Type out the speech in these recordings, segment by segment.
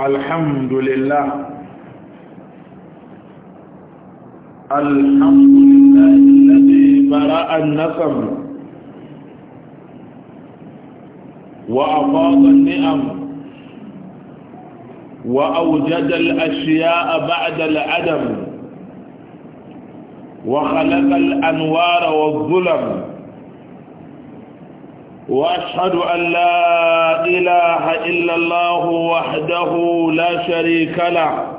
الحمد لله الحمد لله الذي برأ النسم وأفاض النعم وأوجد الأشياء بعد العدم وخلق الأنوار والظلم وأشهد أن لا إله إلا الله وحده لا شريك له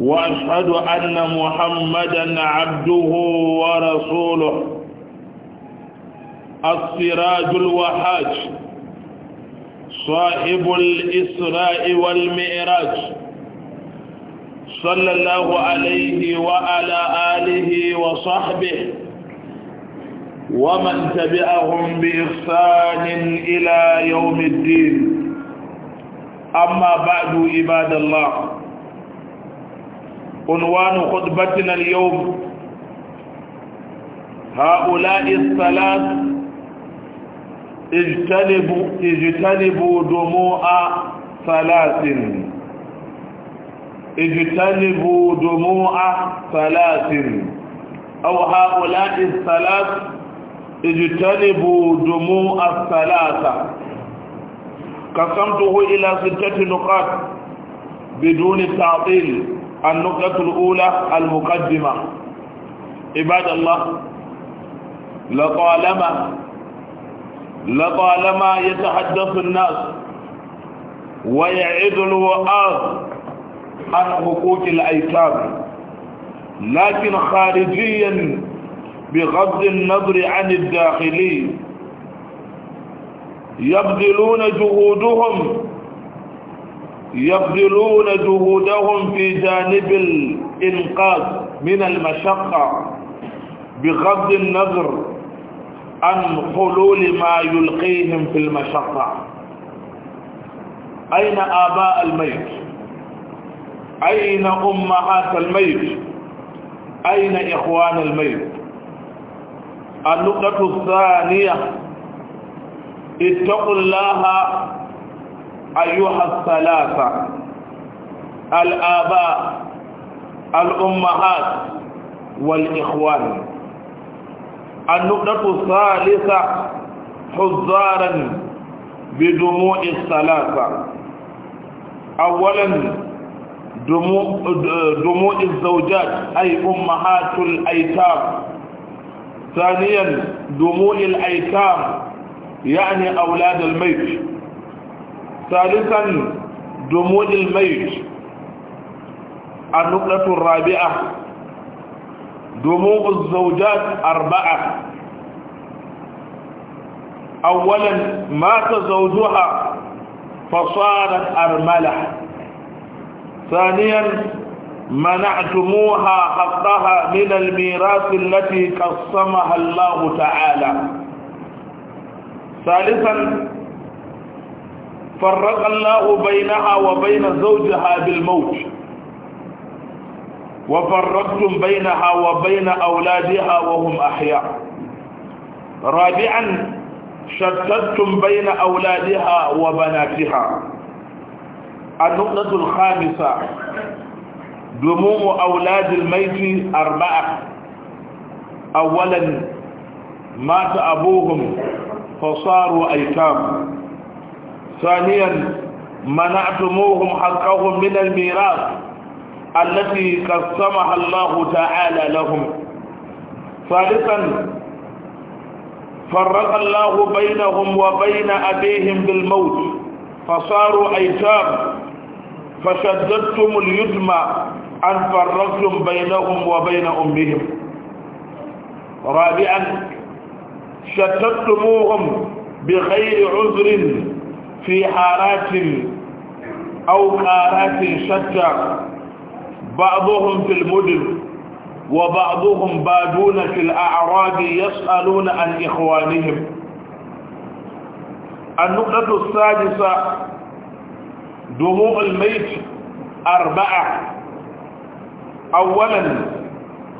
وأشهد أن محمدا عبده ورسوله السراج الوحاج صاحب الإسراء والمئراج صلى الله عليه وعلى آله وصحبه ومن تبعهم بإحسان إلى يوم الدين أما بعد عباد الله عنوان خطبتنا اليوم هؤلاء الثلاث اجتنبوا اجتنبوا دموع ثلاث اجتنبوا دموع ثلاث أو هؤلاء الثلاث اجتنبوا دموع الثلاثة قسمته إلى ستة نقاط بدون تعطيل النقطة الأولى المقدمة عباد الله لطالما لطالما يتحدث الناس ويعد الوعاظ عن حقوق الأيتام لكن خارجيا بغض النظر عن الداخلي يبذلون جهودهم يبذلون جهودهم في جانب الإنقاذ من المشقة بغض النظر عن حلول ما يلقيهم في المشقة أين آباء الميت أين أمهات الميت أين إخوان الميت النقطة الثانية اتقوا الله أيها الثلاثة الآباء الأمهات والإخوان النقطة الثالثة حذارا بدموع الثلاثة أولا دموع, دموع الزوجات أي أمهات الأيتام ثانيا دموع الأيتام يعني أولاد الميت ثالثا دموع الميت النقطة الرابعة دموع الزوجات أربعة أولا مات زوجها فصارت أرملة ثانيا منعتموها حقها من الميراث التي قسمها الله تعالى ثالثا فرق الله بينها وبين زوجها بالموت وفرقتم بينها وبين أولادها وهم أحياء رابعا شتتم بين أولادها وبناتها النقطة الخامسة دموم أولاد الميت أربعة أولا مات أبوهم فصاروا أيتام ثانيا منعتموهم حقهم من الميراث التي قسمها الله تعالى لهم ثالثا فرق الله بينهم وبين أبيهم بالموت فصاروا أيتام فشددتم اليتمى أن فرقتم بينهم وبين أمهم رابعا شتتموهم بغير عذر في حالات أو كارات شتى بعضهم في المدن وبعضهم بادون في الأعراب يسألون عن إخوانهم النقطة السادسة دموع الميت أربعة أولا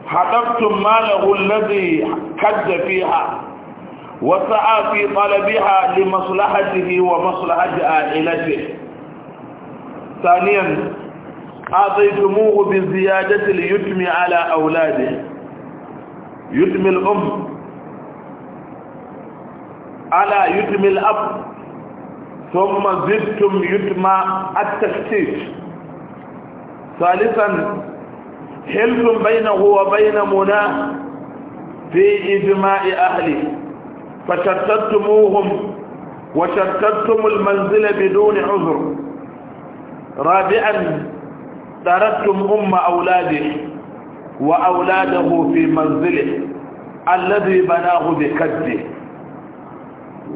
حذفتم ماله الذي كد فيها وسعى في طلبها لمصلحته ومصلحة عائلته ثانيا أعطيتموه بالزيادة ليتم على أولاده يتم الأم على يتم الأب ثم زدتم يتم التفتيش ثالثا حلف بينه وبين منا في إجماع أهله فشتتموهم وشتتم المنزل بدون عذر رابعا تركتم أم أولاده وأولاده في منزله الذي بناه بكده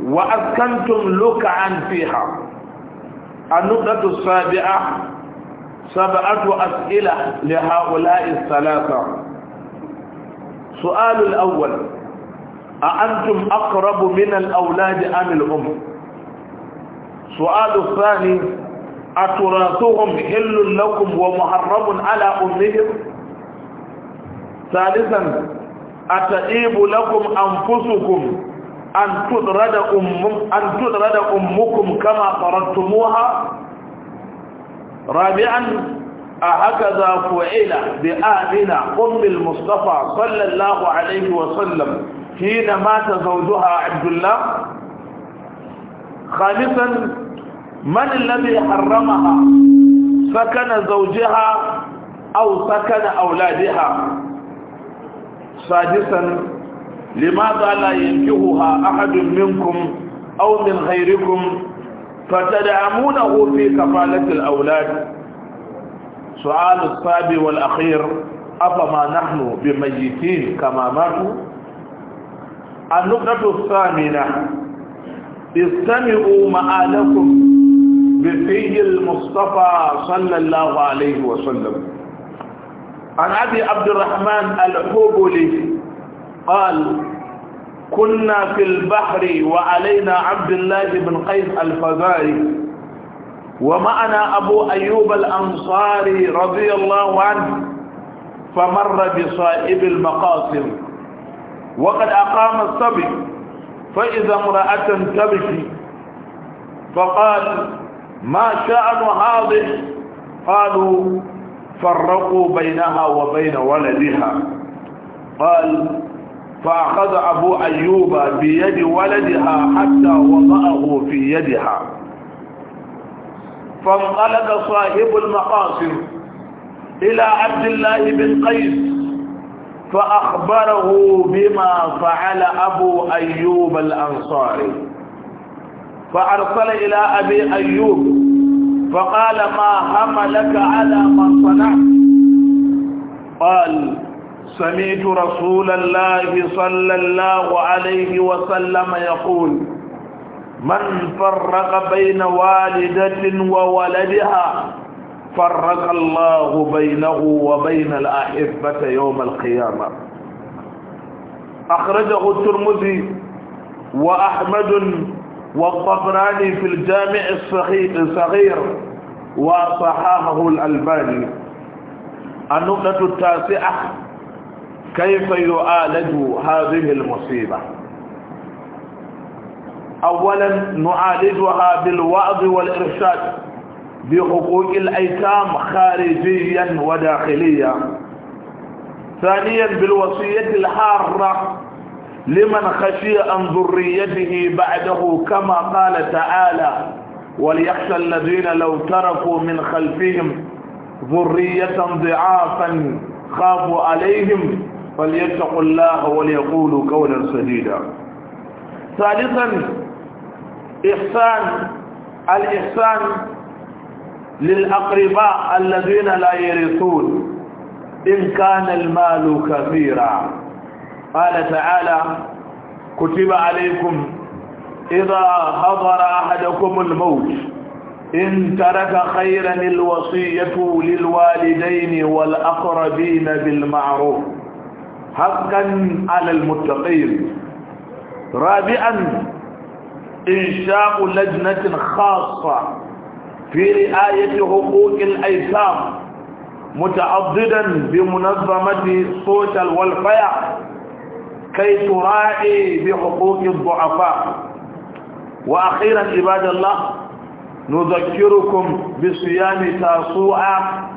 وأسكنتم لكعا فيها النقطة السابعة سبعة أسئلة لهؤلاء الثلاثة سؤال الأول أأنتم أقرب من الأولاد أم الأم سؤال الثاني أتراثهم حل لكم ومحرم على أمهم ثالثا أتئيب لكم أنفسكم أن تدرد, أم أن تدرد أمكم كما طردتموها رابعا هكذا فعل بآمنة أم المصطفى صلى الله عليه وسلم حين مات زوجها عبد الله خامسا من الذي حرمها سكن زوجها أو سكن أولادها سادسا لماذا لا ينكهها أحد منكم أو من غيركم فتدعمونه في كفالة الأولاد سؤال السابع والأخير أفما نحن بميتين كما ماتوا النقطة الثامنة استمعوا مآلكم بفي المصطفى صلى الله عليه وسلم عن أبي عبد الرحمن الحبلي قال كنا في البحر وعلينا عبد الله بن قيس الفزاري ومعنا أبو أيوب الأنصاري رضي الله عنه فمر بصائب المقاصر وقد أقام الصبي فإذا امرأة تبكي فقال ما شأن هذه قالوا فرقوا بينها وبين ولدها قال فأخذ أبو أيوب بيد ولدها حتى وضعه في يدها فانطلق صاحب المقاصد إلى عبد الله بن قيس فأخبره بما فعل أبو أيوب الأنصاري فأرسل إلى أبي أيوب فقال ما هملك على ما صنعت قال سمعت رسول الله صلى الله عليه وسلم يقول من فرق بين والدة وولدها فرق الله بينه وبين الأحبة يوم القيامة أخرجه الترمذي وأحمد والطبراني في الجامع الصغير وصححه الألباني النقطة التاسعة كيف يعالج هذه المصيبة أولا نعالجها بالوعظ والإرشاد بحقوق الأيتام خارجيا وداخليا ثانيا بالوصية الحارة لمن خشي عن ذريته بعده كما قال تعالى وليخشى الذين لو تركوا من خلفهم ذرية ضعافا خافوا عليهم فليتقوا الله وليقول قولا سديدا ثالثا إحسان الإحسان للأقرباء الذين لا يرثون إن كان المال كثيرا قال تعالى كتب عليكم إذا حضر أحدكم الموت إن ترك خيرا الوصية للوالدين والأقربين بالمعروف حقا على المتقين رابعا إنشاء لجنة خاصة في رعاية حقوق الأيتام متعضدا بمنظمة السوشيال والفير كي تراعي بحقوق الضعفاء وأخيرا عباد الله نذكركم بصيام تاسوعة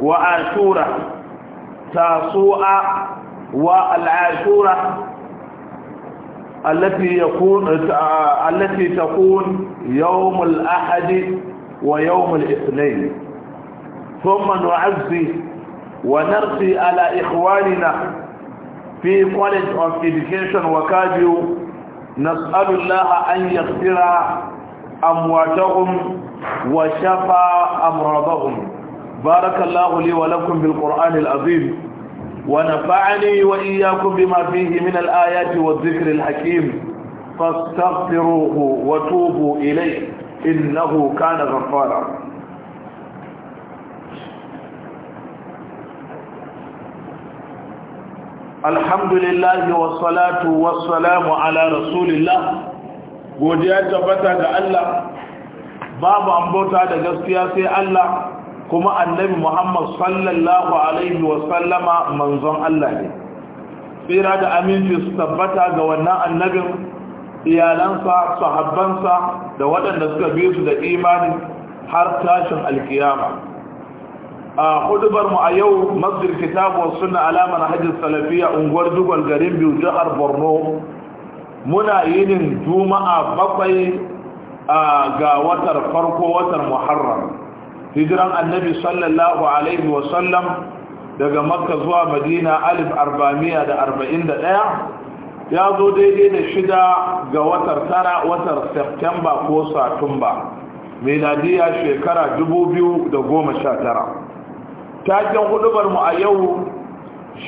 وعاشورة تاسوعة والعاشورة التي يكون التي تكون يوم الأحد ويوم الاثنين ثم نعزي ونرسي على إخواننا في College of Education وكاديو نسأل الله أن يغفر أمواتهم وشفى أمراضهم بارك الله لي ولكم بالقرآن العظيم ونفعني وإياكم بما فيه من الآيات والذكر الحكيم فاستغفروه وتوبوا إليه إنه كان غفارا الحمد لله والصلاة والسلام على رسول الله godiya tabbata ga Allah babu ambota da gaskiya sai Allah kuma annabi muhammad sallallahu alaihi wasallama manzon allah ne tsira da aminci su tabbata ga wannan annabin iyalansa sahabbansa da waɗanda suka bi su da imani har tashin alkiyama a hudubar mu a yau masjid kitabu wa sunna alamar hajji salafiya unguwar dugal garin biyu jihar borno muna yinin juma'a bakwai ga watar farko watar muharram hijiran annabi sallallahu alaihi wasallam daga makka zuwa madina alif arba'amiya da arba'in da ɗaya ya zo daidai da shida ga watar tara watar septemba ko satumba meladiya shekara da goma sha tara. taken hudubar a yau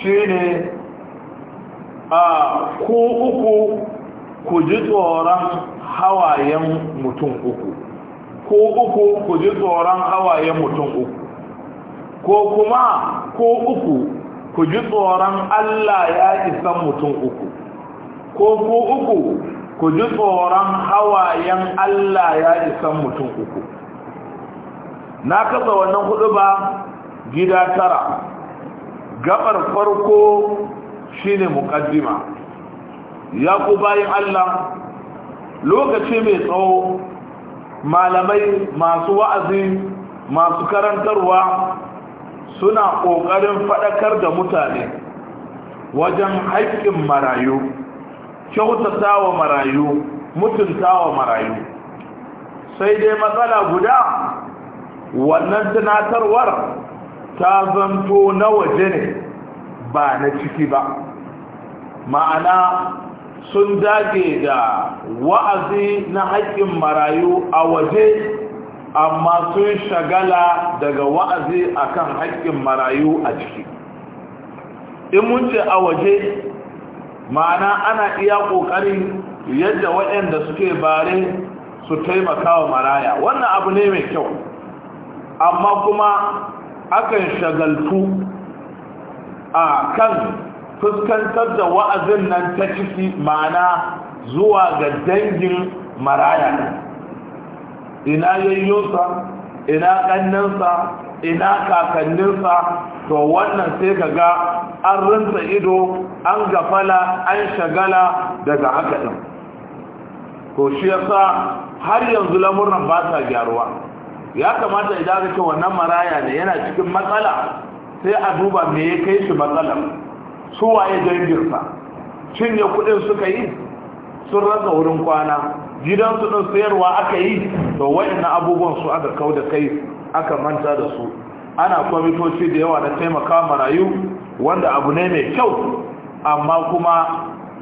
shine a ku uku ku ji tsoron hawayen mutum uku ko uku ku ji tsoron hawaye mutum uku ko kuma ko uku ku ji tsoron Allah ya isan mutum uku ko ko uku ku ji tsoron hawayen Allah ya isan mutum uku na kasa wannan hudu ba gida tara gabar farko shine mukaddima ya ku bayan Allah lokaci mai tsawo malamai masu wa'azi masu karantarwa suna ƙoƙarin faɗakar da mutane wajen haƙƙin marayu kyautata wa marayu mutunta wa marayu sai dai matsala guda wannan tunatarwar ta zanto na waje ne ba na ciki ba ma'ana sun dage da wa'azi na haƙƙin marayu a waje amma sun shagala daga wa'azi a kan haƙƙin marayu a ciki in mun ce a waje ma'ana ana iya ƙoƙari yadda waɗanda suke bare su taimaka wa maraya wannan abu ne mai kyau amma kuma akan shagaltu a kan fuskantar da wa'azin nan ta ciki ma'ana zuwa ga dangin maraya ina yayyunsa ina ƙanninsa ina kakanninsa to wannan sai ka ga an rinsa ido an gafala an shagala daga haka ɗin to shi yasa har yanzu lamuran ba sa gyaruwa ya kamata idan ka ce wannan maraya ne yana cikin matsala sai a duba me ya kai shi matsalar su waye danginsa cinye kudin suka yi sun rasa wurin kwana gidansu din sayarwa aka yi to wayannan abubuwan su aka kau da kai aka manta da su ana kwamitoci da yawa na taimaka marayu wanda abu ne mai kyau amma kuma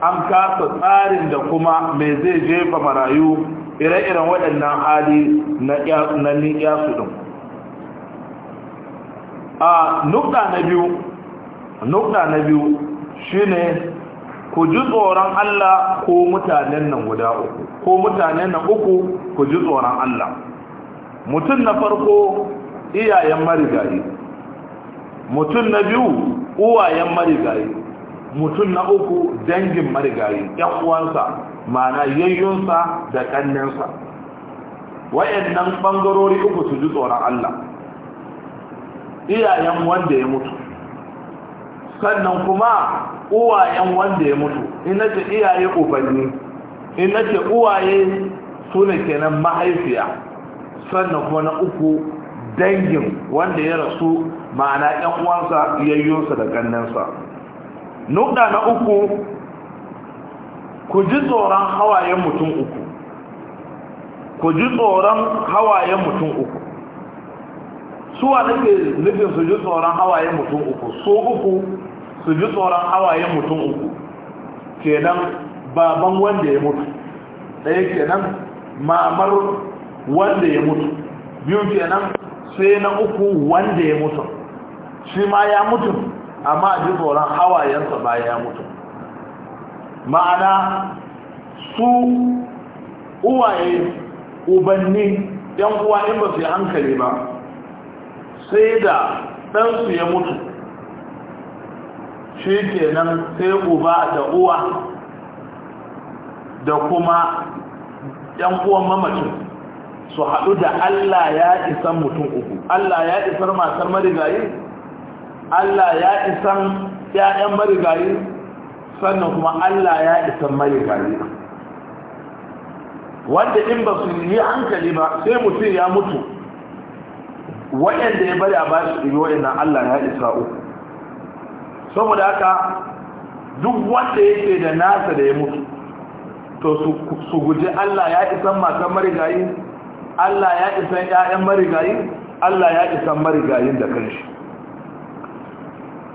an kasa tsarin da kuma mai zai jefa marayu ire-iren waɗannan hali na niyasu ɗin. a nukta na biyu nukta na biyu shine ku ji tsoron Allah ko mutanen nan guda uku ko mutanen nan uku ku ji tsoron Allah mutum na farko iyayen marigayi mutum na biyu uwayen marigayi mutum na uku dangin marigayi yan uwansa mana yayyunsa da kannensa wayannan ɓangarori uku su ji tsoron Allah iyayen wanda ya mutu sannan kuma uwayen wanda ya mutu ina ce iyaye ubanni Ina ce uwaye su ne kenan mahaifiya sannan kuma na uku dangin wanda ya rasu ma'ana yan uwansa yayyonsa da kannansa nukda na uku ku ji tsoron hawayen mutum uku ku ji tsoron hawayen mutum uku suwa nake nufin su ji tsoron hawayen mutum uku su uku su ji tsoron hawayen mutum uku kenan baban wanda ya mutu ɗaya kenan mamar wanda ya mutu biyu kenan sai na uku wanda ya mutu shi ma ya mutu amma ji tsoron hawayensa ba ya mutu ma'ana su uwaye ubanni yan uwa in ba su yi hankali ba sai da ɗansu ya mutu shi kenan sai uba da uwa da kuma yan uwan mamacin su haɗu da Allah ya isan mutum uku Allah ya isar matar marigayi Allah ya isan ƴaƴan marigayi sannan kuma Allah ya isan marigayi wanda in ba su yi hankali ba sai mutum ya mutu waɗanda ya bari a bashi ɗin waɗannan Allah ya isa uku saboda haka duk wanda yake da nasa da ya mutu to su guji Allah ya isan matan marigayi Allah ya isan ƴaƴan marigayi Allah ya isan marigayin da kanshi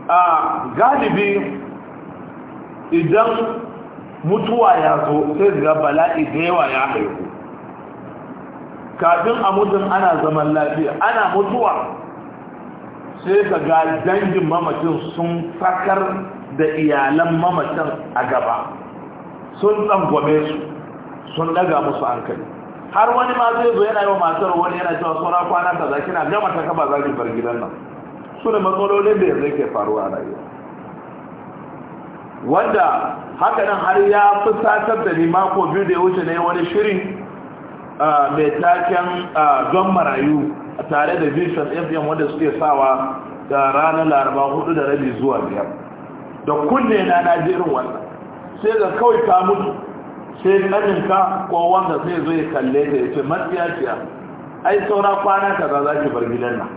a galibi idan mutuwa ya zo sai ga bala'i da yawa ya haihu kafin a mutum ana zaman lafiya ana mutuwa sai ka ga dangin mamacin sun fakar da iyalan mamacin a gaba sun tsangwame su sun ɗaga musu hankali har wani ma zai zo yana yi wa matar wani yana cewa saura kwana ta zaki kina gama ta kaba za bar gidan nan su ne matsalolin da yanzu ke faruwa a rayuwa wanda haka nan har ya fi satar da ni mako biyu da ya wuce ne wani shirin ah, mai taken ah, don marayu tare da vision fm wanda suke sawa da ranar laraba hudu da rabi zuwa biyar da kunne na na wannan sai ga kawai ta mutu sai ɗaninka ko wanda sai zo ya kalle ta ya ce matsiyaciya ai saura kwana ta za ki bar gidan nan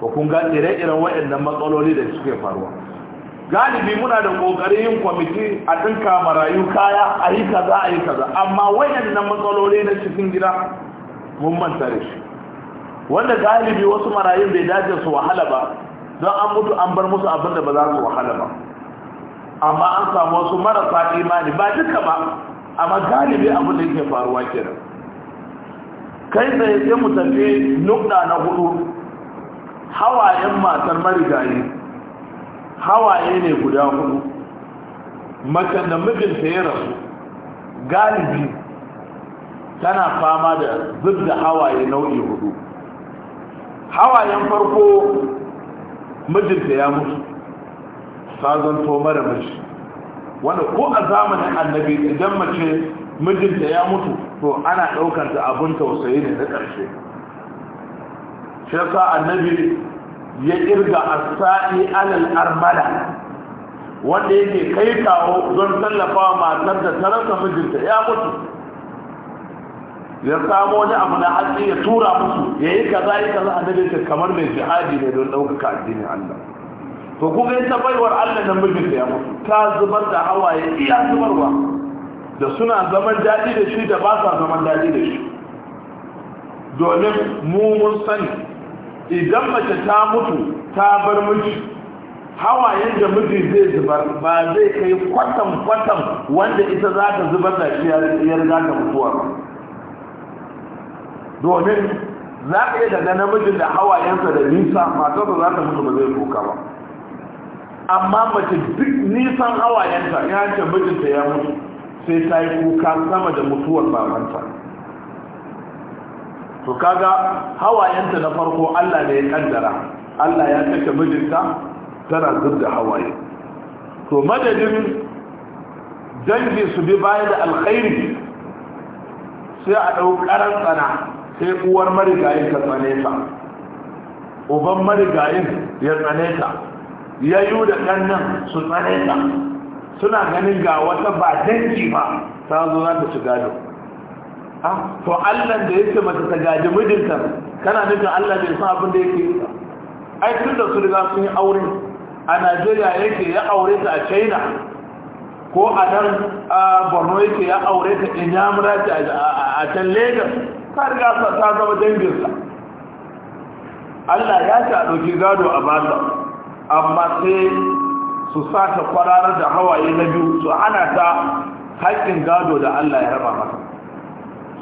ko kun ga ire-iren waɗannan matsaloli da suke faruwa galibi muna da kokarin yin kwamiti a ɗinka marayu kaya a yi kaza a yi kaza amma waɗannan matsaloli na cikin gida mun manta da shi wanda galibi wasu marayun bai dace su wahala ba don an mutu an bar musu abin da ba za su wahala ba amma an samu wasu marasa imani ba duka ba amma galibi abin da yake faruwa kenan kai tsaye sai mu tafi nukna na hudu hawayen matar marigayi hawaye ne guda hudu macen da mijinta ya rasu galibi tana fama da zub da hawaye nau'i hudu hawayen farko mijinta ya mutu sazanto mara miji wanda ko a zamanin annabi idan mace mijinta ya mutu to ana ɗaukar ta abin tausayi ne na ƙarshe shi yasa annabi ya kirga asa'i alal armada, wanda yake kai kawo don tallafa matar da ta rasa mijinta ya mutu ya samu wani abu na hatsi ya tura musu ya yi kaza yi kaza annabi ta kamar mai jihadi ne don ɗaukaka addinin Allah to kuma ta baiwar Allah nan mijin ya mutu ta zubar da hawaye iya zubarwa da suna zaman daɗi da shi da ba sa zaman daɗi da shi domin mu mun sani idan mace ta mutu ta bar miji hawayen da miji zai zubar ba zai kai kwatan kwatan wanda ita za ta zubar da shi ya riga ta mutuwa ba domin za ka yi daga namijin da hawayensa da nisa matarsa za ta mutu ba zai koka ba amma mace duk nisan hawayenta ya ce mijinta ya mutu sai ta yi kuka sama da mutuwar babanta to kaga hawayenta na farko Allah ne ya kaddara Allah ya kashe mijinta tana da hawaye to madadin dangi su bi bayan da alkhairi sai a ɗau ƙaran tsana sai uwar marigayin ta tsane ta uban marigayin ya tsane ta yi da ɗan nan su tsane ta suna ganin ga wata ba dangi ba ta zo za ta ci gado to allan da yake mata ta gaji mijinta kana nufin allah bai san abin da yake yi ai tun da su riga sun yi aure a najeriya yake ya aure ta a china ko a nan borno yake ya aure ta inyamura ta a can Legas. ka gasa ta zama danginsa Allah ya ce a ɗauki gado a basa amma sai su sa ta kwararar da hawaye na biyu su hana ta haƙƙin gado da Allah ya raba mata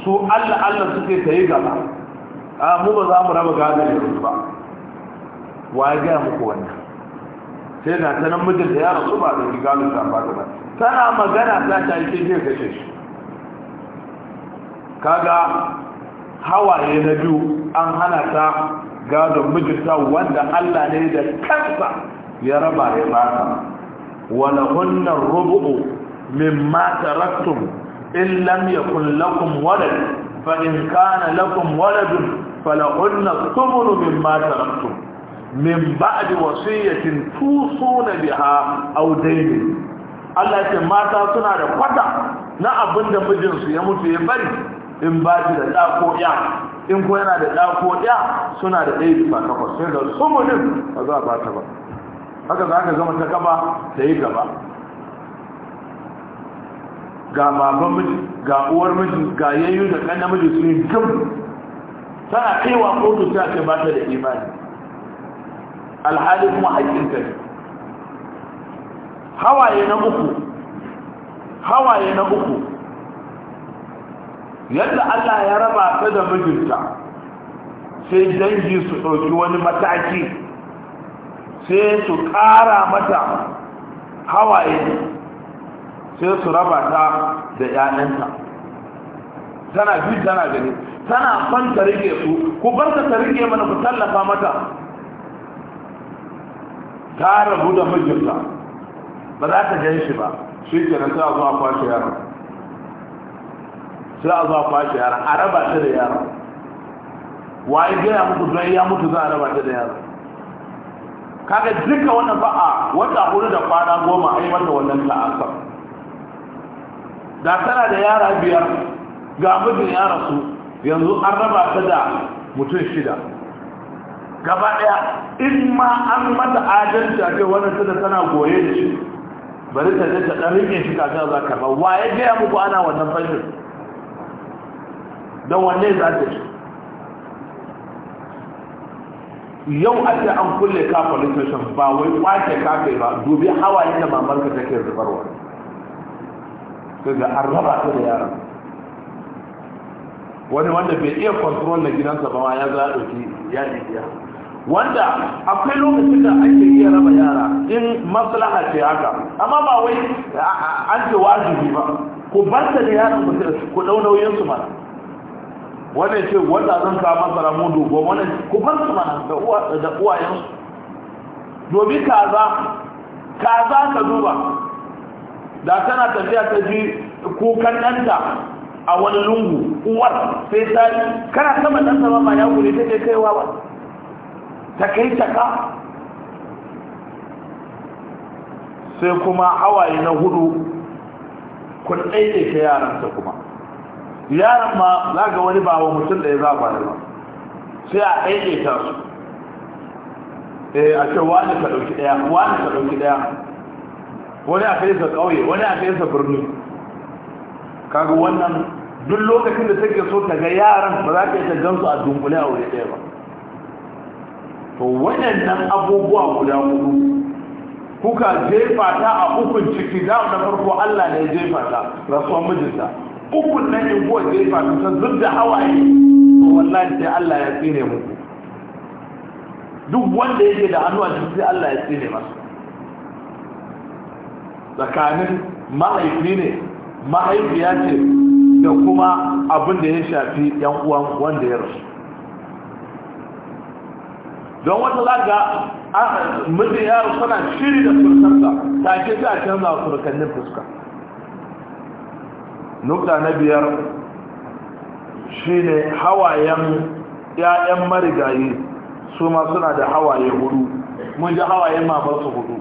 su Allah Allah suke ta yi gaba a mu ba za mu raba gado da yanzu ba wa ya gaya muku wannan sai na ta nan mijinta ya rasu ba da gado ta fata ba tana magana ta ta yi ke kashe shi kaga hawaye na biyu an hana ta gadon mijinta wanda Allah ne da kansa ya raba ya bata wala hunna rubu'u mimma taraktum in lam yakun lakum walad fa in kana lakum walad فلهن الثمن مما تركتم من بعد وصية توصون بها أو دين Allah ce mata suna da kwata na abinda mijinsu ya mutu ya bari in ba shi da ɗa ko ya in ko yana da ɗa ko ya suna da ɗaya bisa takwas sai da sumunin ba za a ba ta ba haka za ka zama ta gaba ta yi gaba ga baban miji ga uwar miji ga yayyu da kan namiji su yi gum tana kaiwa kotu ta ce ba ta da imani alhali kuma ta ne hawaye na uku hawaye na uku yadda Allah ya raba ta da mijinta sai dangi su ɗauki wani mataki sai su ƙara mata hawaye sai su raba ta da 'ya'yanta tana ji tana gani tana son ta rike su ku bar ta rike mana ku tallafa mata ta rabu da mijinta ba za ta gan shi ba shi ke nan ta zo a kwashe yaron sai a zuwa kwashe yara a raba ta da yara waye gaya muku zai ya mutu za a raba ta da yara kaga duka wannan ba a wata hudu da kwana goma a yi mata wannan ta'asa da tana da yara biyar ga mutum yara su, yanzu an raba ta da mutum shida gaba daya in ma an mata adalci a kai wannan tana tana goye da shi bari ta je ta dan rike shi kafin za ka ba waye gaya muku ana wannan fashin don wanne za ta ce yau a ce an kulle ka police ba wai kwace ka ba dubi hawaye da mamarka ke zubarwa sai ga an raba ta da yaran wani wanda bai iya control na gidansa ba ma ya za a ɗauki ya iya wanda akwai lokacin da ake iya raba yara in maslaha ce haka amma ba wai an ce wajibi ba ku bar da yaran ku ɗau nauyinsu mana wani ce wanda zan sa masara mudu goma wani ku da uwa da uwayen domin kaza kaza ka duba da tana tafiya ta ji kukan ɗanta a wani lungu uwar sai ta kana sama ba ma ya gure ta kai kaiwa ba ta kai ta ka sai kuma hawaye na hudu kun ta yaransa kuma yaran ma za ga wani ba mutum da ya zaba ne ba sai a ɗaiɗaita su eh, a ce wani ka ɗauki ɗaya wani ka ɗauki ɗaya wani a kai sa ƙauye wani a kai sa birni kaga wannan duk lokacin da take so ta ga yaran ba za ka yi ta gansu a dunkule a wuri ɗaya ba to waɗannan abubuwa guda hudu kuka jefa ta a ukun ciki da na farko Allah ne jefa ta rasuwar mijinta ukun nan in kuwa zai fafi ta zub da hawaye to wallahi sai Allah ya tsire muku duk wanda yake da hannu a cikin sai Allah ya tsire masa tsakanin mahaifi ne mahaifiya ce da kuma abin da ya shafi yan uwan wanda ya rasu don wata zaga mijin yaro suna shiri da surukarsa ta ke ta canza surukannin fuska nukta na biyar shi ne hawayen ya'yan marigayi su ma suna da hawaye hudu mun ji hawayen su hudu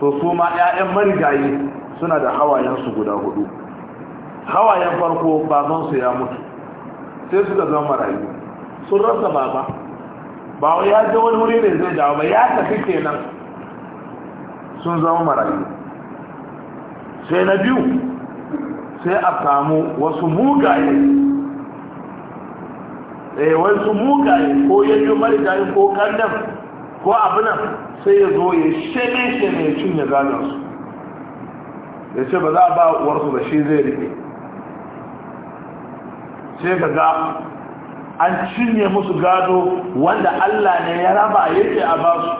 to su ma ya'yan marigayi suna da hawayensu guda hudu hawayen farko babansu ya mutu sai suka zama marayu sun rasa baba ba ya ji wani wuri ne zai dawo ba ya tafi kenan sun zama marayu sai na biyu sai a samu wasu mugaye eh wasu mugaye ko yayyo marigayi ko kandan ko abinan sai ya zo ya shene shene ya cinye gadon su ya ce ba za a ba uwarsu ba shi zai rike sai ka ga an cinye musu gado wanda Allah ne ya raba yake a basu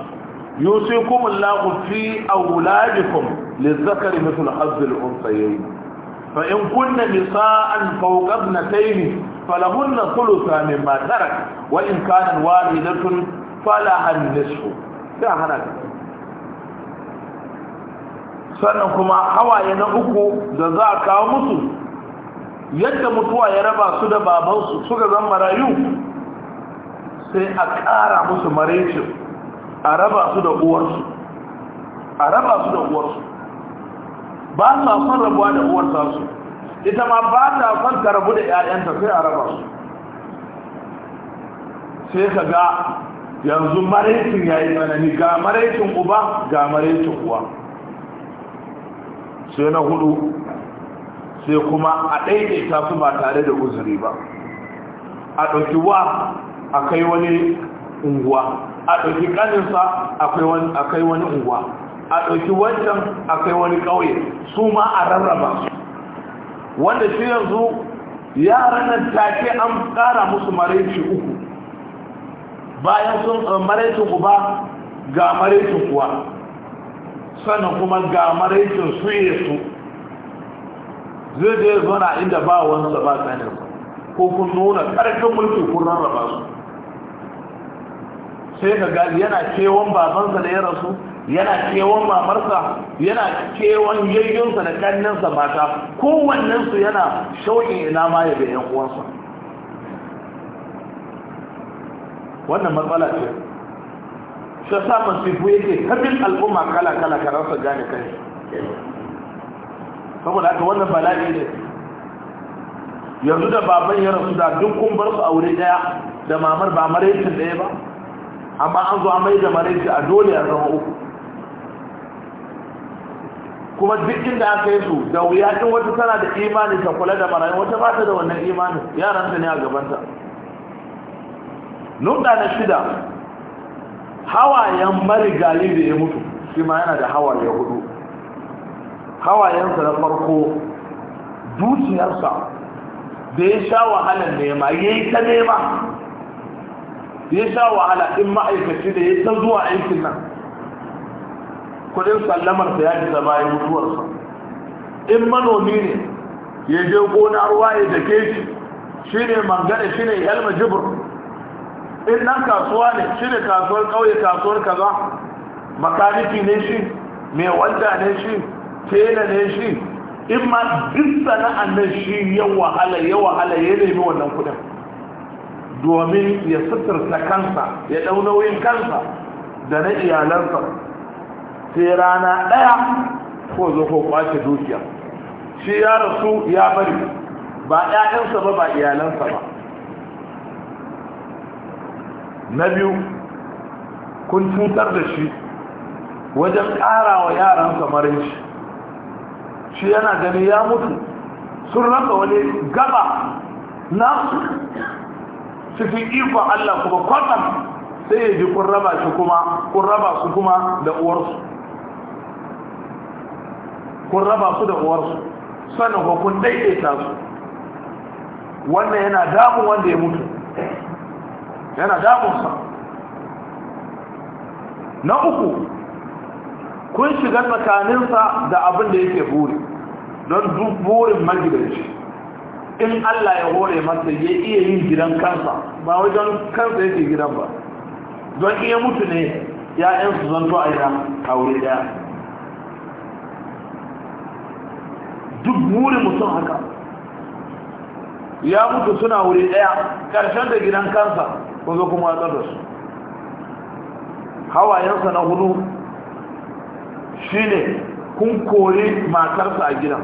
yusikumullahu fi auladikum lizakari mithlu hazzil unsayayn فإن كن نساء فوق ابنتين فلهن ثلثا مما ترك وإن كان والدة فلها النصف ده هناك sannan kuma hawaye na uku da za a kawo musu yadda mutuwa ya raba su da babansu suka zan marayu sai a ƙara musu a a raba su da uwarsu ba sa son rabuwa da uwar su, ita ma ba ta son ka rabu da 'ya'yanta sai a raba su sai ka ga yanzu maraicin ya yi tsanani ga maraicin uba ga maraicin uwa sai na hudu sai kuma a ɗaiɗaita su ba tare da uzuri ba a ɗauki wa a kai wani unguwa a ɗauki ƙaninsa a kai wani unguwa a ɗauki wancan a kai wani ƙauye su ma a rarraba su wanda shi yanzu yaran nan take an ƙara musu maraici uku bayan sun eh, maraicin uba ga maraicin kuwa sannan kuma ga maraicin yi su zai je zana inda ba wansa ba sanin ko kun nuna ƙarfin mulki kun rarraba su sai ka gaji. yana cewon babansa da ya rasu yana kewan mamarsa yana kewan yayyunsa da kanninsa mata kowannensu yana shauƙin ina ma ya ga yan uwansa wannan matsala ce shi sa masifu yake tabin al'umma kala kala kararsa gane kai saboda haka wannan bala'i ne yanzu da baban ya rasu da duk kun bar su wuri daya da mamar ba maraicin daya ba amma an zo mai da maraicin a dole a zama uku kuma duk inda aka yi su da wuya in wata tana da imani ta kula da marayu wata ba ta da wannan imanin ta ne a gabanta nuna na shida hawayen marigali da ya mutu shi ma yana da hawaye hudu hawayensa na farko dukiyarsa da ya sha wahalar nema ya yi ta nema ya sha wahala in ma'aikaci da ya ta zuwa aikin nan kudin sallamarsa ya isa bayan mutuwarsa in manomi ne ya je gona ruwa ya dake shi shi ne mangare, shi ne yalma jibir in nan kasuwa ne shi ne kasuwar ƙauye kasuwar kaza makaniki ne shi mai wanda ne shi tela ne shi in ma duk na nan shi yau wahala ya wahala ya nemi wannan kudin domin ya suturta kansa ya ɗau nauyin kansa da na iyalansa sai rana ɗaya ko zo ko kwace dukiya shi ya rasu ya bari ba ƴaƴansa ba ba iyalansa ba na biyu kun cutar da shi wajen ƙara wa yaran samarin shi shi yana gani ya mutu sun rasa wani gaba na cikin ikon Allah kuma kwatsam sai ya ji kun kun raba su kuma da uwarsu kun raba su da uwarsu sannan ko kun daidaita su wannan yana damun wanda ya mutu yana damunsa na uku kun shiga tsakaninsa da abin da yake buri don duk burin magidanci in Allah ya hore masa ya iya yin gidan kansa ba wajen kansa yake gidan ba don iya mutu ne ya'yansu zanto a yi a wuri daya duk burin mutum haka ya mutu suna wuri daya karshen da gidan kansa kun zo kuma watsar da su hawayensa na hudu shine kun kori matarsa a gidan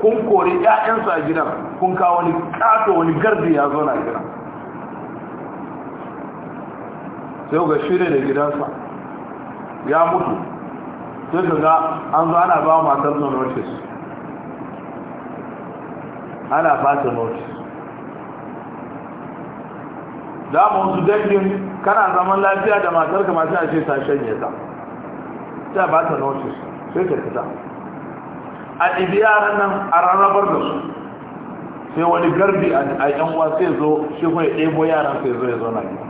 kun kori ƴaƴansa a gidan kun kawo wani kato wani gardi ya zo na gidan sai ga shine da gidansa ya mutu sai ga an zo ana ba matar su. ana fata noti notice mu su dangin kana zaman lafiya da matarka ka masu ashe ta shanye ta ta ba ta notice sai ka fita a ɗibi yaran nan a rarrabar da su sai wani garbi a yan uwa zo shi kuma ya ɗebo yaran sai zo ya zo na gida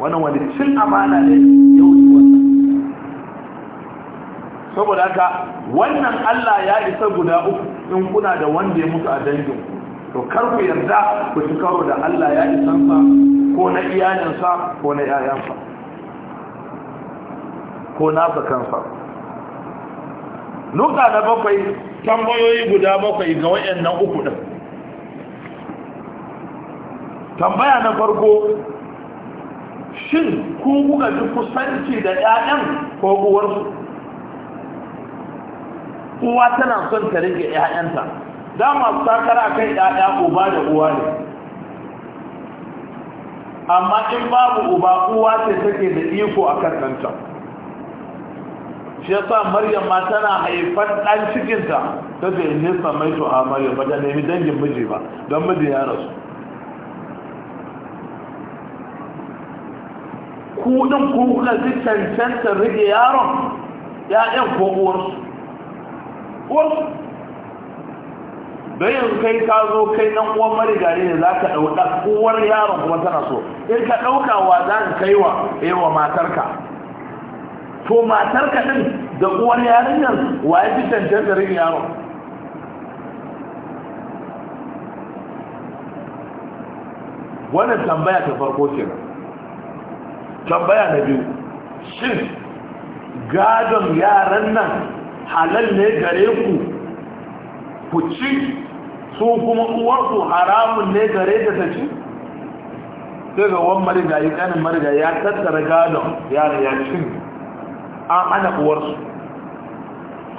wani wani cin amana ne ya wuce wannan saboda haka wannan Allah ya isa guda uku in kuna da wanda ya mutu a dangin to kar ku yarda ku ci karo da Allah ya sa, ko na sa ko na yayansa ko nasa kansa Luka na bakwai tambayoyi guda bakwai ga wayannan uku din tambaya na farko shin ku kuka ji kusanci da 'ya'yan ko su uwa tana son ta rike 'ya'yanta, da masu takara kai 'ya'ya uba da uwa ne amma in babu uba uwa ce take da iko a kan ɗanta shi yasa maryam ma tana haifar ɗan cikinta ta ce in nesa mai to a maryam ba ta nemi dangin miji ba don miji ya rasu kudin kuka zai cancanta rage yaron ya'yan ko uwarsu don yanzu kai ka zo kai nan uwan marigari ne za ka ɗauka uwar yaron kuma tana so in ka ɗauka wa za ka kai wa yawa eh, matarka to matarka ɗin da uwar nan, wa ya fi da rin yaron wannan tambaya ta farko ce tambaya na biyu shin gadon yaran nan halal ne gare ku ku ci su kuma uwarku haramun ne gare da ta ci sai ga wani marigayi kanin marigayi ya tattara gadon yara ya cin an ana uwarsu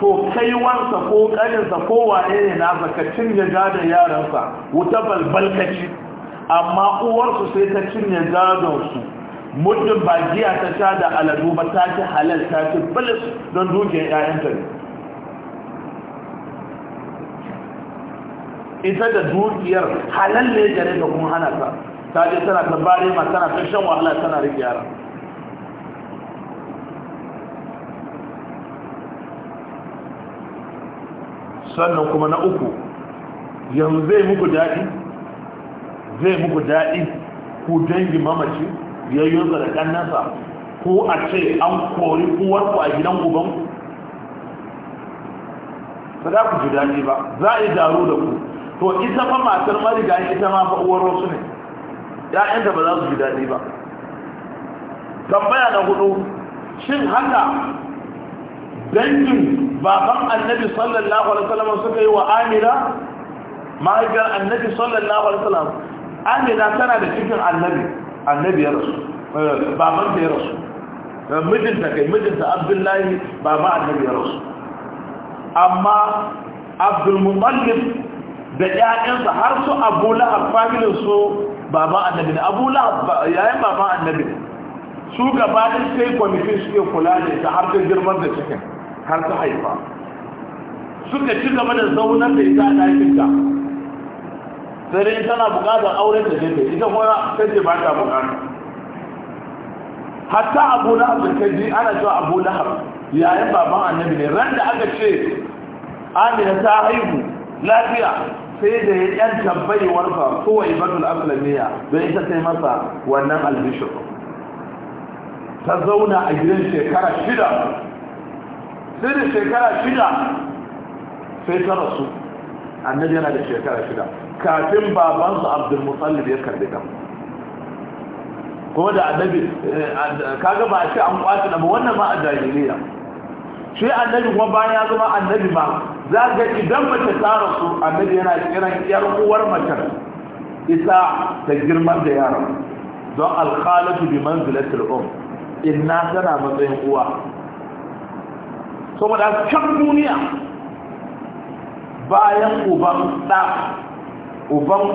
to kai wansa ko kaninsa ko wane ne na ka cinye gadon yaransa wuta balbalkaci amma uwarsu sai ta cinye su muddin ba giya ta sha da aladu ba ta ci halal ta ci bilis don dukiyar 'ya'yanta ita da dukiyar halal ne gare da kuma hana ta ta je tana ta ma tana ta shan wahala tana rike yara sannan kuma na uku yanzu zai muku daɗi zai muku daɗi ku dangi mamaci yayyunsa da ƙannansa ko a ce an kori uwarku a gidan ku ba za ku ji daɗi ba za a yi daru da ku to ita fa matar mariga ita ma fa uwar wasu ne ya'yanta ba za su ji daɗi ba tambaya na hudu shin haka dangin baban annabi sallallahu alaihi wasallam suka yi wa amira mahaifiyar annabi sallallahu alaihi wasallam amina tana da cikin annabi annabi ya rasu eh, baban ta ya rasu eh, mijinta kai mijinta abdullahi baba annabi ya rasu amma abdul muttalib da ƴaƴansa har su abu lahab familin su baban annabi abu lahab yayin baban annabi su gaba da sai kwamitin suke kula da ita har ta girman da cikin har ta haifa suka ci gaba da zaunar da ita a ɗakinta sai tana buƙatar auren da jinta ita kuma ta ce ba ta buƙata hatta abu lahab da ta ji ana cewa abu lahab yayin baban annabi ne ran da aka ce amina ta haihu lafiya sai da ya yanta baiwarsa kowai batul aslamiya don ita sai masa wannan albishir ta zauna a gidan shekara shida sai da shekara shida sai ta rasu annabi yana da shekara shida kafin babansa abdulmusallib ya karbi kan kuma da annabi eh, kaga ba a ce an kwace na ba wannan ma a jahiliya shi annabi kuma bayan ya zama annabi ma za ga idan mace ta rasu annabi yana kiran yar uwar mace isa ta girman da yaron don alkhalatu bi manzilatil um inna tana matsayin uwa saboda kan duniya bayan uban ɗa uban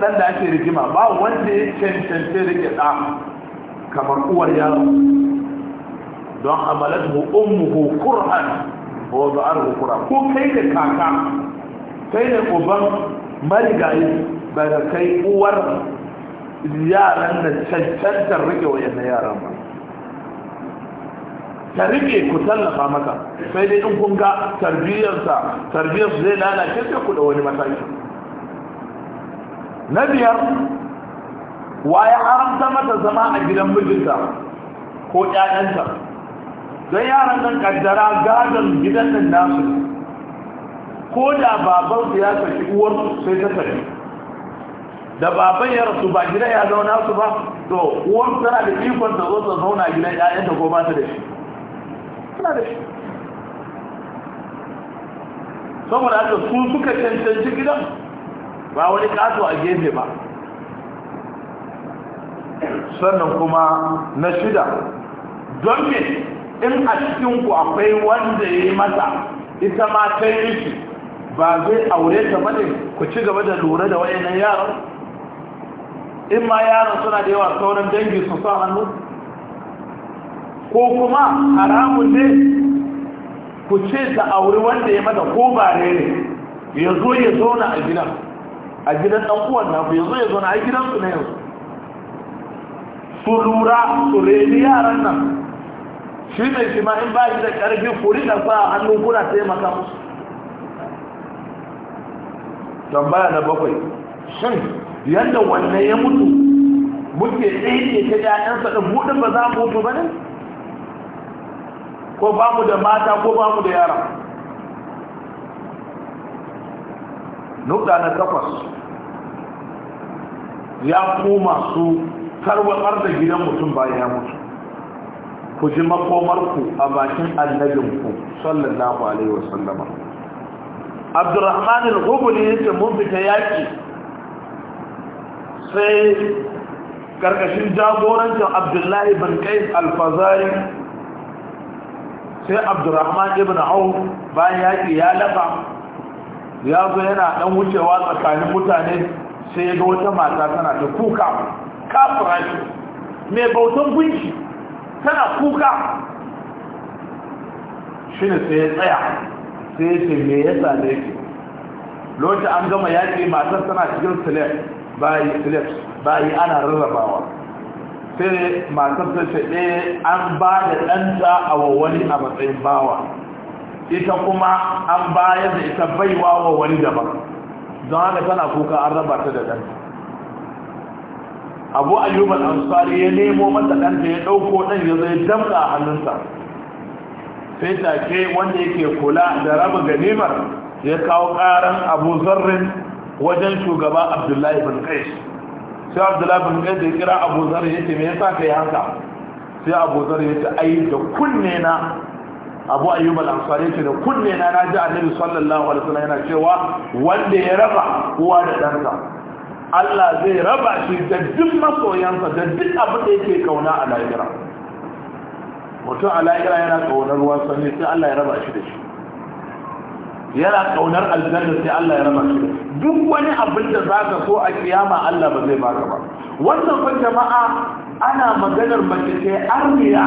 ɗan da ake rigima ba wanda ya cancanci rike ɗa kamar uwar yaro don amalathu ummuhu kurhan wa da'arhu hukura. ko kai da kaka kai da uban marigayi daga kai uwar yaran da cancantar rike wayannan yaran ba ta rike ku tallafa maka sai dai in kun ga tarbiyyarsa tarbiyyarsa zai lalace sai ku da wani mataki na biyar waye haramta mata zama a gidan mijinta ko ƴaƴanta don yaran nan kaddara gadon gidan nan nasu ko da baban su ya saki uwar sai ta tafi da baban ya rasu ba gidan ya zauna su ba to uwar tana da ikon ta zo ta zauna gidan ƴaƴanta ko ba ta da shi tana da shi saboda haka su suka cancanci gidan ba wani kato a gefe ba sannan kuma na shida don me in a cikin ku akwai wanda ya yi masa ita ma ta yi shi ba zai aure ta bane ku ci gaba da lura da wayannan yaran in ma yaran suna da yawa sauran dangi su sa hannu ko kuma haramun ne ku ce ta auri wanda ya mata ko ba ne ya zo ya zauna a gidan a gidan ɗan uwan ku ya zo ya zauna a gidan su na yanzu su lura su reni yaran nan shi mai shi ma in ba shi da ƙarfi kuri da sa hannun kuna taimaka musu tambaya na bakwai shin yadda wannan ya mutu muke tsaye ta sa da buɗin ba za mu mutu ba ne ko ba mu da mata ko ba mu da yara nukta na takwas ya koma su tarwatsar da gidan mutum bayan ya mutu ku ji makomarku a bakin annabinku sallallahu alaihi wasallam abdurrahman al-hubuli yace mun fita yaki sai karkashin jagorancin abdullahi bin qais al-fazari sai abdurrahman ibn auf bayan yaki ya lafa ya zo yana dan wucewa tsakanin mutane sai ga wata mata tana ta kuka kafira me bautan gunki tana kuka shi ne sai ya tsaya sai ya ce me ya same ki lokacin an gama yaƙi matar tana cikin slip bayi slip bayi ana rarrabawa sai matar ta ce ɗaya eh, an ba da ɗanta a wani a matsayin bawa ita kuma an bayar da ita baiwa wa wani daban don haka tana kuka an raba ta da ɗanta abu ayyuban al-ansari ya nemo masa ɗanta ya ɗauko ɗan ya zai damɗa a hannunsa sai take wanda yake kula da raba ganimar ya kawo ƙaran abu zarrin wajen shugaba abdullahi bin qais sai abdullahi bin qais ya kira abu zarrin yace me yasa kai haka sai abu zarrin yace ai da kunne na abu ayyub al-ansari yace da kunne na naji annabi sallallahu alaihi wasallam yana cewa wanda ya raba uwa da ɗansa Allah zai raba shi da duk masoyansa da duk abin da yake kauna a lahira mutum a lahira yana kaunar ruwan sanyi sai Allah ya raba shi da shi yana kaunar aljanna sai Allah ya raba shi da shi duk wani abin da za ka so a kiyama Allah ba zai baka ba wannan fa jama'a ana maganar mace ce armiya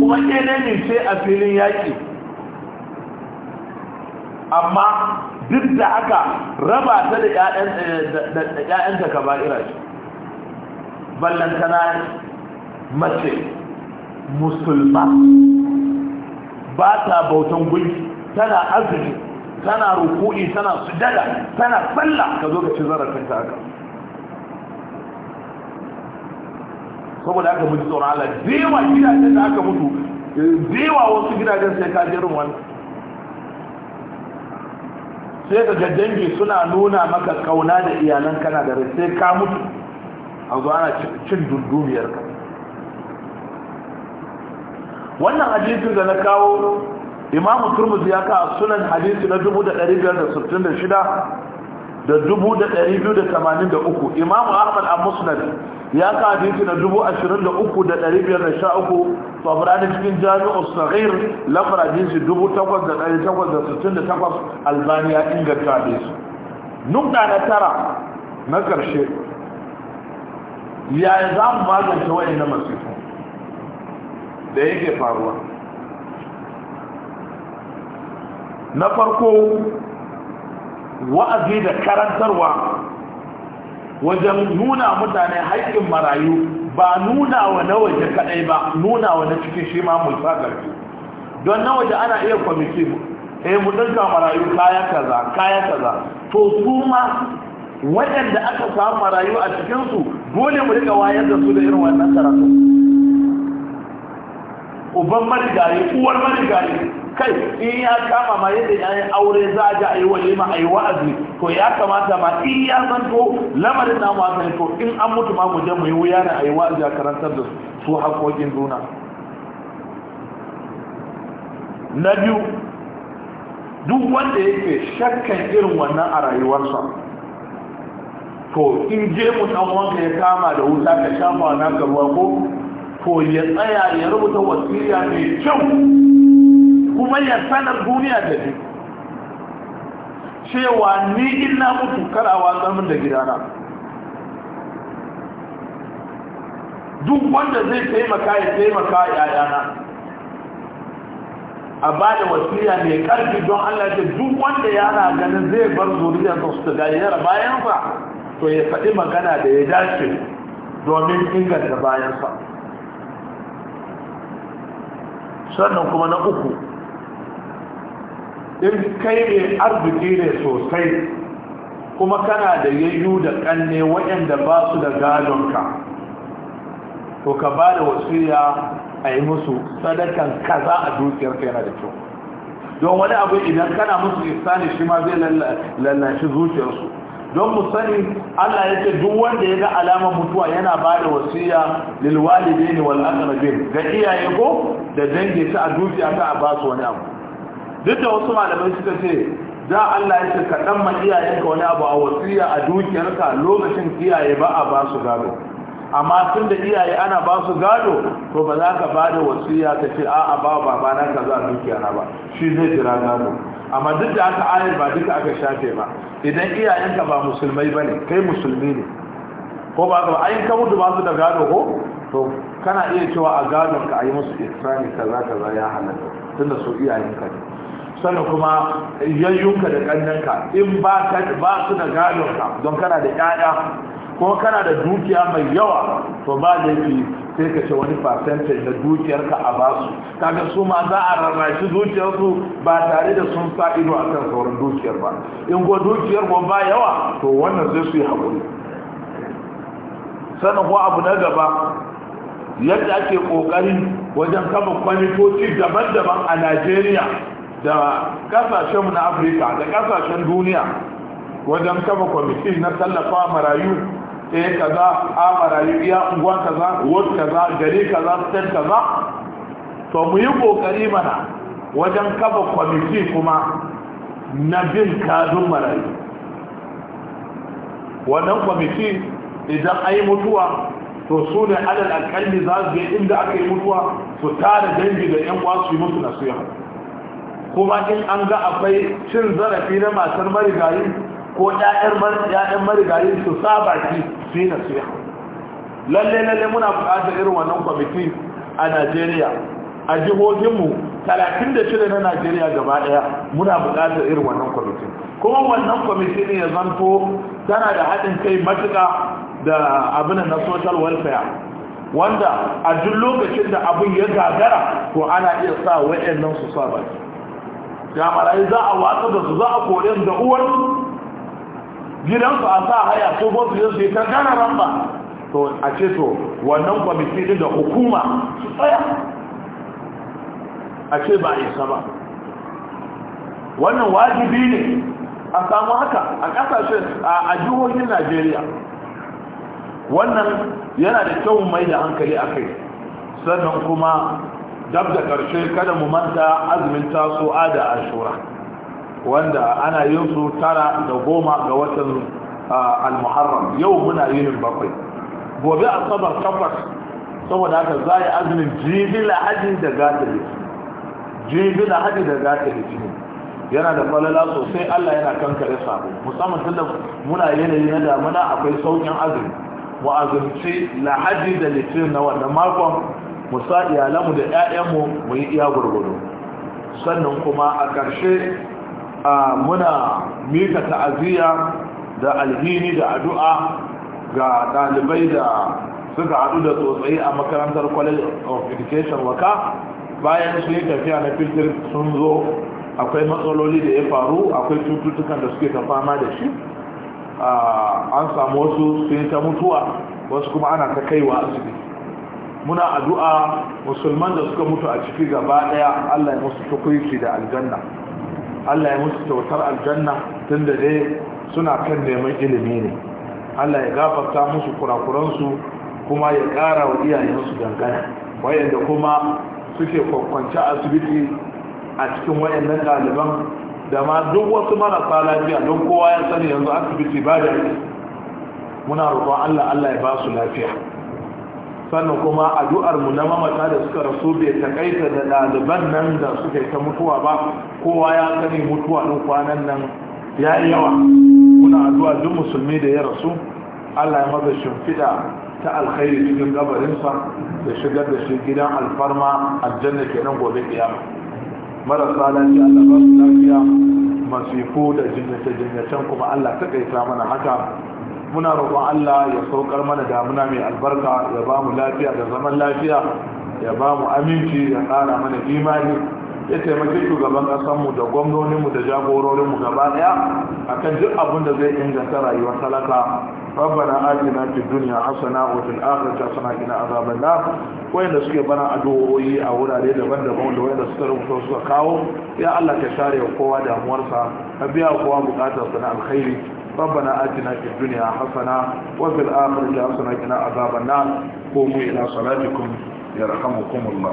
kuma ɗaya ne ce a filin yaki. amma duk da aka raba ta da ‘ya'yanta ka ira shi ballantana mace musulma ba ta bautan gunki tana azumi tana ruku'i tana sujada tana tsalla ka zo ka ci zarafinta haka saboda aka mutu tsoron ala gidajen da aka mutu dewa wasu gidajen sai ka jerin wani sai ga dangi suna nuna maka kauna da iyalan kana da rai sai ka mutu a zo ana cin dundumiyar ka wannan hadisi da na kawo imamu turmus ya ka sunan hadisi na 1566 da 1283 imamu ahmad al musnad ya ka na dubu ashirin da uku da ɗari biyar da sha uku tsabrani cikin jami'ar sahir lamar hadisi dubu takwas da ɗari takwas da sittin da takwas albaniya inganta hadisi nukta na tara na ƙarshe yaya za mu magance wani na masifu da yake faruwa na farko wa'azi da karantarwa wajen nuna mutane haƙƙin marayu ba nuna wa na waje kaɗai ba nuna wa na cikin shi ma mu sa don na waje ana iya kwamiti eh mu ɗinka marayu kaya kaza kaya kaza to su ma waɗanda aka samu marayu a cikinsu dole mu riƙa wayar da su da irin wannan karatu uban marigayi uwar marigayi kai in ya kama ma yadda ya yi aure za a ji a yi walima a yi wa'azi to ya kamata ma in ya zanto lamarin namu haka to in an mutu ma mu je mu yi wuya ne a yi wa'azi a karantar da su haƙoƙin juna na biyu duk wanda yake shakkan irin wannan a rayuwarsa to in je mu ɗan wanka ya kama da wuta ka shafa naka ruwa ko to ya tsaya ya rubuta wasiya mai kyau kuma ya sanar duniya da shi cewa ni ina mutu karawa zamin da gidana duk wanda zai taimaka ya taimaka yayana a ba da wasiya mai karfi don Allah da duk wanda yana ganin zai bar zuriyarsa su gayyara bayansa to ya faɗi magana da ya dace domin inganta bayansa sannan kuma na uku in kai mai arziki ne sosai kuma kana da yayyu da kanne waɗanda ba su da gadonka to ka ba da wasiya a yi musu sadakan kaza a dukiyarka yana da kyau don wani abu idan kana musu isani shi ma zai lallashi zuciyarsu don mu sani Allah ya ce duk wanda ya ga alamar mutuwa yana ba da wasiya lil walidaini wal aqrabin ga iyaye ko da dangi ta a dukiya ta a ba su wani abu duk da wasu malamai suka ce za Allah ya ce ka dan ma iyayenka wani abu a wasiya a dukiyarka lokacin iyaye ba a ba su gado amma tun da iyaye ana ba su gado to ba za ka ba da wasiya ka ce a'a ba baba na kaza dukiya na ba shi zai jira gado amma duk da aka ayar ba duka aka shafe ba idan iyayenka ba musulmai ba ne, kai musulmi ne ko ba ka ba ayin ka mutu ba su da gado ko to kana iya cewa a gadon ka yi musu ihsani kaza kaza ya halatta tunda su iyayenka ne sannan kuma yayyunka da ƙannanka in ba su da gadonka don kana da ƴaƴa ko kana da dukiya mai yawa to ba yake sai ka ce wani percentage na dukiyarka a basu kaga su ma za a rarrashi dukiyarsu ba tare da sun sa ido a kan sauran dukiyar ba in ko dukiyar ko ba yawa to wannan zai su yi haƙuri sannan ko abu na gaba yadda ake ƙoƙarin wajen kama kwamitoci daban-daban a najeriya da kasashenmu na afirka da kasashen duniya wajen kafa kwamiti na tallafa marayu yi eh, kaza a marayu iya unguwa kaza ward kaza gari kaza state kaza to mu yi ƙoƙari mana wajen kafa kwamiti kuma na bin kadun marayu wannan kwamiti idan a yi mutuwa to su ne alal akalli za su je inda aka yi mutuwa su tara dangi da 'yan kwasu su yi musu nasiha kuma in an ga akwai cin zarafi na matar marigayi ko ‘ya'yan marigayi su saba ki su yi nasiha lalle lalle muna buƙatar irin wannan kwamiti a najeriya a jihohinmu da 36 na najeriya gaba ɗaya muna buƙatar irin wannan kwamiti kuma wannan kwamiti ne ya zanto tana da haɗin kai matuka da abin na social welfare wanda a duk lokacin da abin ya gagara ko ana iya sa wa'annan su sa baki ya marayi za a watsa da su za a kore da uwar gidansu a sa haya su ba su yi su yi kankanar ramba to a ce to wannan kwamiti ɗin da hukuma su tsaya a ce ba a isa ba wannan wajibi ne a samu haka a ƙasashen a jihohin najeriya wannan yana da kyau mai da hankali a kai sannan kuma dab da ƙarshe kada mu manta azumin tasu'a da ashura wanda ana yin su tara da goma ga watan al-muharram yau muna yin bakwai gobe asabar takwas saboda haka za yi azumin jibi lahadi da gata jibi lahadi da gata yana da falala sosai Allah yana kankare sabo musamman tunda muna yanayi na damuna akwai saukin azumi mu azumci lahadi da litinin na wannan makon mu sa iyalanmu da 'ya'yanmu mu yi iya gurgudu sannan kuma a ƙarshe muna mika ta'aziyya da alhini da addu'a ga ɗalibai da suka haɗu da tsotsayi a makarantar college of education waka bayan sun yi tafiya na filtir sun zo akwai matsaloli da ya faru akwai cututtukan da suke ta fama da shi an samu wasu sun ta mutuwa wasu kuma ana ta kaiwa asibiti muna addu'a musulman da suka mutu a ciki gaba daya Allah ya musu tukuyi da aljanna Allah ya musu kyautar aljanna tun da dai suna kan neman ilimi ne Allah ya gafarta musu kurakuransu kuma ya ƙara wa iyayensu dangana wayanda kuma suke kwakwanci asibiti a cikin wayannan ɗaliban da ma duk wasu marasa lafiya don kowa ya sani yanzu asibiti ba da muna roƙon Allah Allah ya ba su lafiya sannan kuma addu'ar mu na mamata da suka rasu bai takaita da ɗaliban nan da suka ta mutuwa ba kowa ya sani mutuwa ɗin kwanan nan ya yi yawa muna addu'a duk musulmi da ya rasu allah ya maza shimfiɗa ta alkhairi cikin gabarinsa da shigar da shi gidan alfarma aljanna kenan gobe kiyama marasa lafiya allah ba su lafiya masifu da jinnata jinnatan kuma allah ta kaita mana haka muna roƙon Allah ya saukar mana damuna mai albarka ya ba mu lafiya da zaman lafiya ya ba mu aminci ya ƙara mana imani ya taimake shugaban ƙasanmu da gwamnoninmu da jagororinmu gaba ɗaya a kan duk abin da zai inganta rayuwar talaka rabbana atina fid dunya hasana wa fil akhirati hasana qina azabannar wanda suke bana addu'o'i a wurare daban-daban da wanda suka rubuta suka kawo ya Allah ka share kowa damuwarsa ka biya kowa bukatarsa na alkhairi ربنا آتنا في الدنيا حسنة وفي الآخرة حسنة قنا عذاب النار قوموا إلى صلاتكم يرحمكم الله